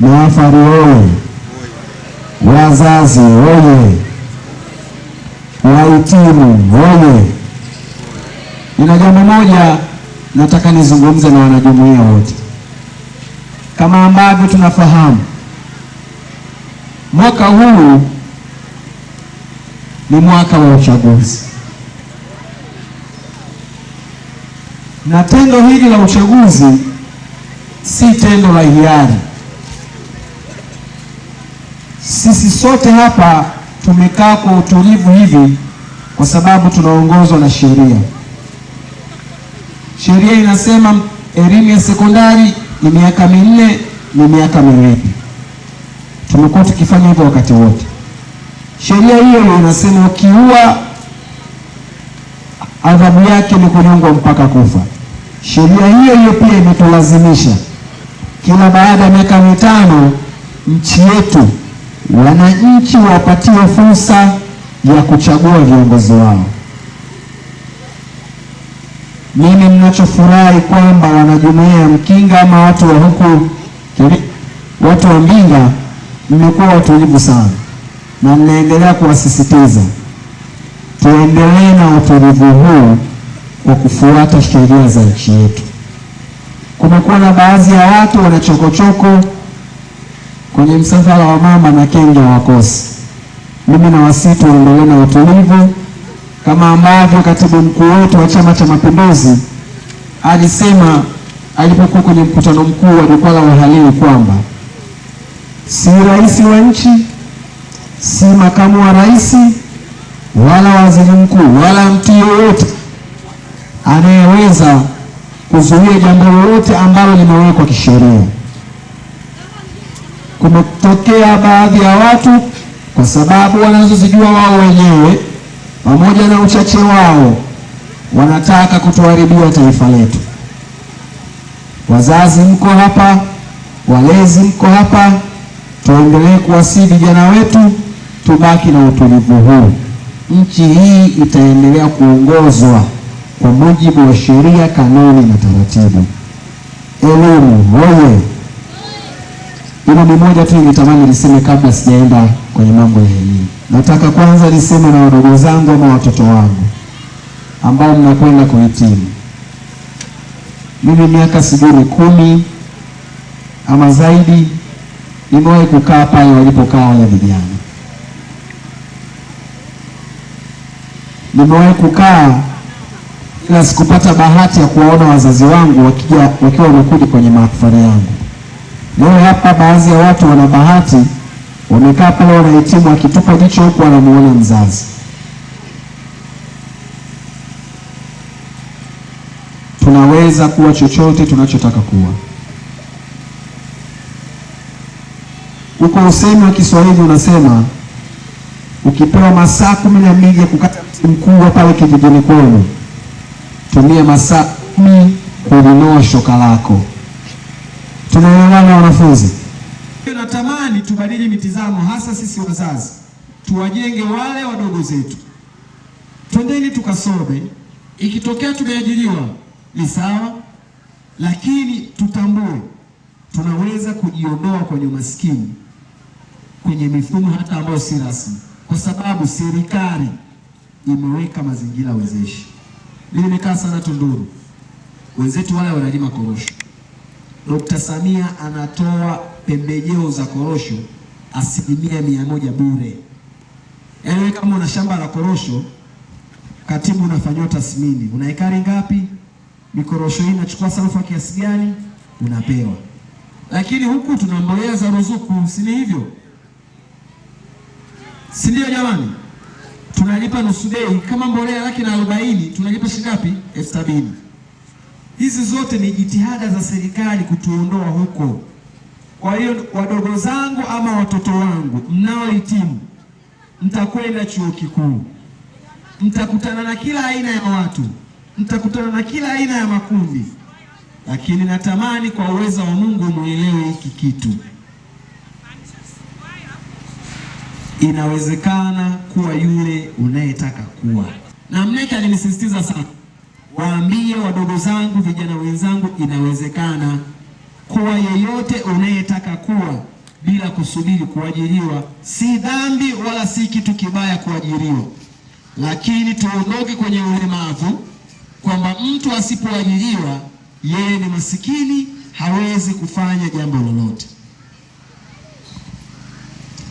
Maafari oye! Wazazi oye! Wahitimu oye! Nina jambo moja nataka nizungumze na wanajumuiya wote. Kama ambavyo tunafahamu, mwaka huu ni mwaka wa uchaguzi, na tendo hili la uchaguzi si tendo la hiari sisi sote hapa tumekaa kwa utulivu hivi kwa sababu tunaongozwa na sheria. Sheria inasema elimu ya sekondari ni miaka minne, ni miaka miwili. Tumekuwa tukifanya hivyo wakati wote. Sheria hiyo inasema ukiua adhabu yake ni kunyongwa mpaka kufa. Sheria hiyo hiyo pia imetulazimisha kila baada ya miaka mitano nchi yetu wananchi wapatiwe fursa ya kuchagua viongozi wao. Mimi ninachofurahi kwamba wanajumuia ya Mkinga ama watu wa huku watu wa Mbinga mmekuwa watulivu sana, na mnaendelea kuwasisitiza tuendelee na utulivu huu kwa kufuata sheria za nchi yetu. Kumekuwa na baadhi ya watu wanachokochoko kwenye msafara wa mama na kenge wakosi. Mimi na wasitu waendelee na utulivu kama ambavyo katibu mkuu wetu wa Chama cha Mapinduzi alisema alipokuwa kwenye mkutano mkuu wa jukwaa la uhalili kwamba si rais wa nchi, si makamu wa rais, wala waziri mkuu, wala mtu yoyote anayeweza kuzuia jambo lolote ambalo limewekwa kisheria kumetokea baadhi ya watu kwa sababu wanazozijua wao wenyewe pamoja na uchache wao wanataka kutuharibia taifa letu. Wazazi mko hapa, walezi mko hapa, tuendelee kuwasihi vijana wetu tubaki na utulivu huu. Nchi hii itaendelea kuongozwa kwa mujibu wa sheria, kanuni na taratibu. Elimu oye! Hilo moja tu nilitamani liseme kabla sijaenda kwenye mambo ya elimu. Nataka kwanza niseme na wadogo zangu ama watoto wangu ambao mnakwenda kuhitimu. Mimi miaka sijui kumi ama zaidi nimewahi kukaa pale walipokaa wale vijana. Nimewahi kukaa ila sikupata bahati ya kuwaona wazazi wangu wakiwa wamekuja kwenye mahafali yangu. Leo hapa baadhi ya watu wana bahati, wamekaa pale wanahitimu, akitupa jicho huku anamuona mzazi. Tunaweza kuwa chochote tunachotaka kuwa. Uko usemi wa Kiswahili unasema ukipewa masaa kumi na mbili ya kukata mti mkubwa pale kijijini kwenu, tumia masaa kumi kulinoa shoka lako tunaelewana wanafunzi? Natamani tubadili mitizamo, hasa sisi wazazi, tuwajenge wale wadogo zetu. Twendeni tukasome, ikitokea tumeajiriwa ni sawa, lakini tutambue tunaweza kujiondoa kwenye umaskini, kwenye mifumo hata ambayo si rasmi, kwa sababu serikali imeweka mazingira wezeshi. Mimi nimekaa sana Tunduru, wenzetu wale wanalima korosho Dkt. Samia anatoa pembejeo za korosho asilimia mia moja bure. Yaani kama una shamba la korosho, katibu, unafanyiwa tathmini, una ekari ngapi, mikorosho hii inachukua salfa kiasi gani, unapewa. Lakini huku tuna mbolea za ruzuku, si ni hivyo? Si ndio jamani? Tunalipa nusu bei, kama mbolea laki na arobaini tunalipa shilingi ngapi? elfu sabini. Hizi zote ni jitihada za serikali kutuondoa huko. Kwa hiyo wadogo zangu ama watoto wangu mnaohitimu, mtakwenda chuo kikuu, mtakutana na kila aina ya watu, mtakutana na kila aina ya makundi, lakini natamani kwa uwezo wa Mungu mwelewe hiki kitu, inawezekana kuwa yule unayetaka kuwa. Na mneka Alinisisitiza sana waambie wadogo zangu, vijana wenzangu, inawezekana kuwa yeyote unayetaka kuwa bila kusubiri kuajiriwa. Si dhambi wala si kitu kibaya kuajiriwa, lakini tuondoke kwenye ulemavu kwamba mtu asipoajiriwa yeye ni masikini, hawezi kufanya jambo lolote.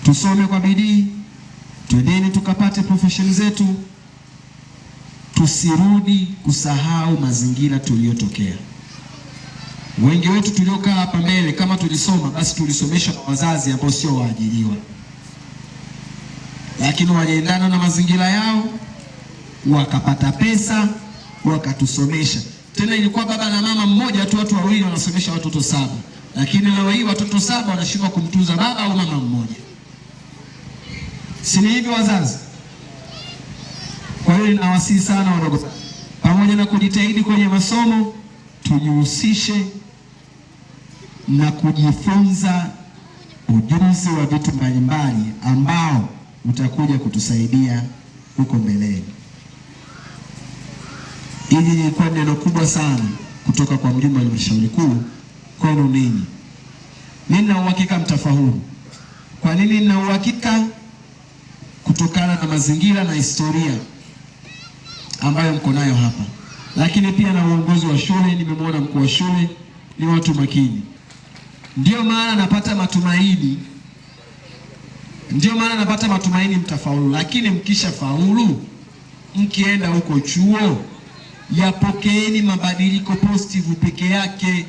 Tusome kwa bidii, twendeni tukapate profesheni zetu tusirudi kusahau mazingira tuliyotokea. Wengi wetu tuliokaa hapa mbele, kama tulisoma basi tulisomeshwa na wazazi ambao sio waajiriwa, lakini waliendana na mazingira yao wakapata pesa wakatusomesha. Tena ilikuwa baba na mama mmoja tu, watu wawili wanasomesha watoto saba, lakini leo hii watoto saba wanashindwa kumtunza baba au mama mmoja. Si ni hivyo wazazi? Kwa hiyo ninawasihi sana wadogo zangu, pamoja na kujitahidi kwenye masomo, tujihusishe na kujifunza ujuzi wa vitu mbalimbali ambao utakuja kutusaidia huko mbeleni. Hili lilikuwa neno kubwa sana kutoka kwa mjumbe wa halmashauri kuu kwenu ninyi. Nina uhakika mtafaulu. Kwa nini nina uhakika? Kutokana na mazingira na historia ambayo mko nayo hapa, lakini pia na uongozi wa shule. Nimemwona mkuu wa shule ni watu makini, ndio maana napata matumaini, ndio maana napata matumaini mtafaulu. Lakini mkisha faulu, mkienda huko chuo, yapokeeni mabadiliko positive peke yake,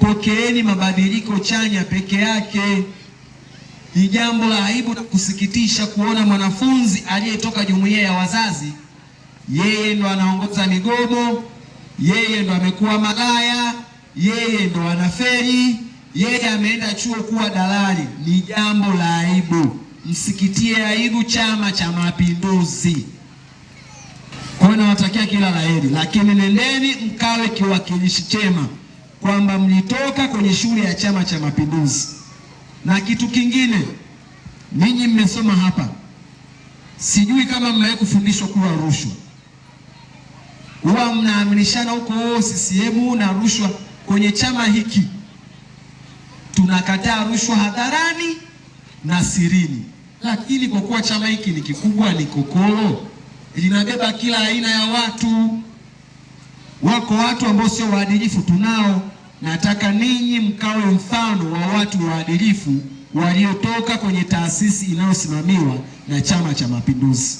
pokeeni mabadiliko chanya peke yake. Ni jambo la aibu na kusikitisha kuona mwanafunzi aliyetoka jumuiya ya wazazi, yeye ndo anaongoza migomo, yeye ndo amekuwa malaya, yeye ndo anaferi, yeye ameenda chuo kuwa dalali. Ni jambo la aibu, msikitie aibu Chama cha Mapinduzi. Kwa hiyo nawatakia kila la heri, lakini nendeni mkawe kiwakilishi chema kwamba mlitoka kwenye shule ya Chama cha Mapinduzi. Na kitu kingine, ninyi mmesoma hapa, sijui kama mmewahi kufundishwa kuwa rushwa. Huwa mnaaminishana huko oh, CCM na rushwa kwenye chama hiki, tunakataa rushwa hadharani na sirini, lakini kwa kuwa chama hiki ni kikubwa, ni kokoro, linabeba kila aina ya watu. Wako watu ambao sio waadilifu, tunao nataka ninyi mkawe mfano wa watu waadilifu waliotoka kwenye taasisi inayosimamiwa na Chama cha Mapinduzi.